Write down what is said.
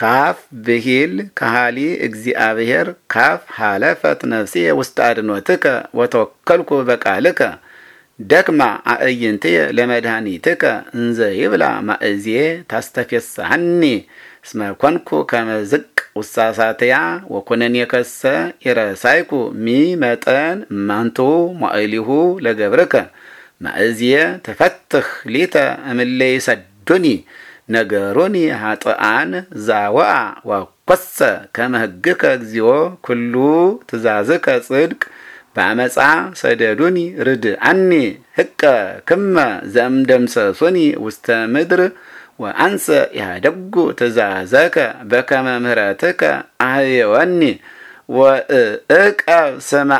ካፍ ብሂል ካሃሊ እግዚአብሔር ካፍ ሃለፈት ነፍሴ ውስጥ አድኖትከ ወተወከልኩ በቃልከ ደክማ አእይንትየ ለመድኃኒትከ እንዘ ይብላ ማእዝየ ታስተፌሳሃኒ እስመ ኮንኩ ከመዝቅ ውሳሳትያ ወኮነን የከሰ የረሳይኩ ሚ መጠን እማንቱ ማእሊሁ ለገብርከ ማእዝየ ተፈትህ ሊተ እምለይ ሰዱኒ ነገሮኒ ሀጥኣን ዛወአ ዋኰሰ ከመህግከ እግዚኦ ኩሉ ትእዛዝከ ጽድቅ በአመፃ ሰደዱኒ ርድአኒ ህቀ ክመ ዘእምደምሰሱኒ ውስተ ምድር ወአንሰ ኢሃደጉ ትእዛዘከ በከመ ምህረትከ አህየወኒ ወእእቀብ ስመ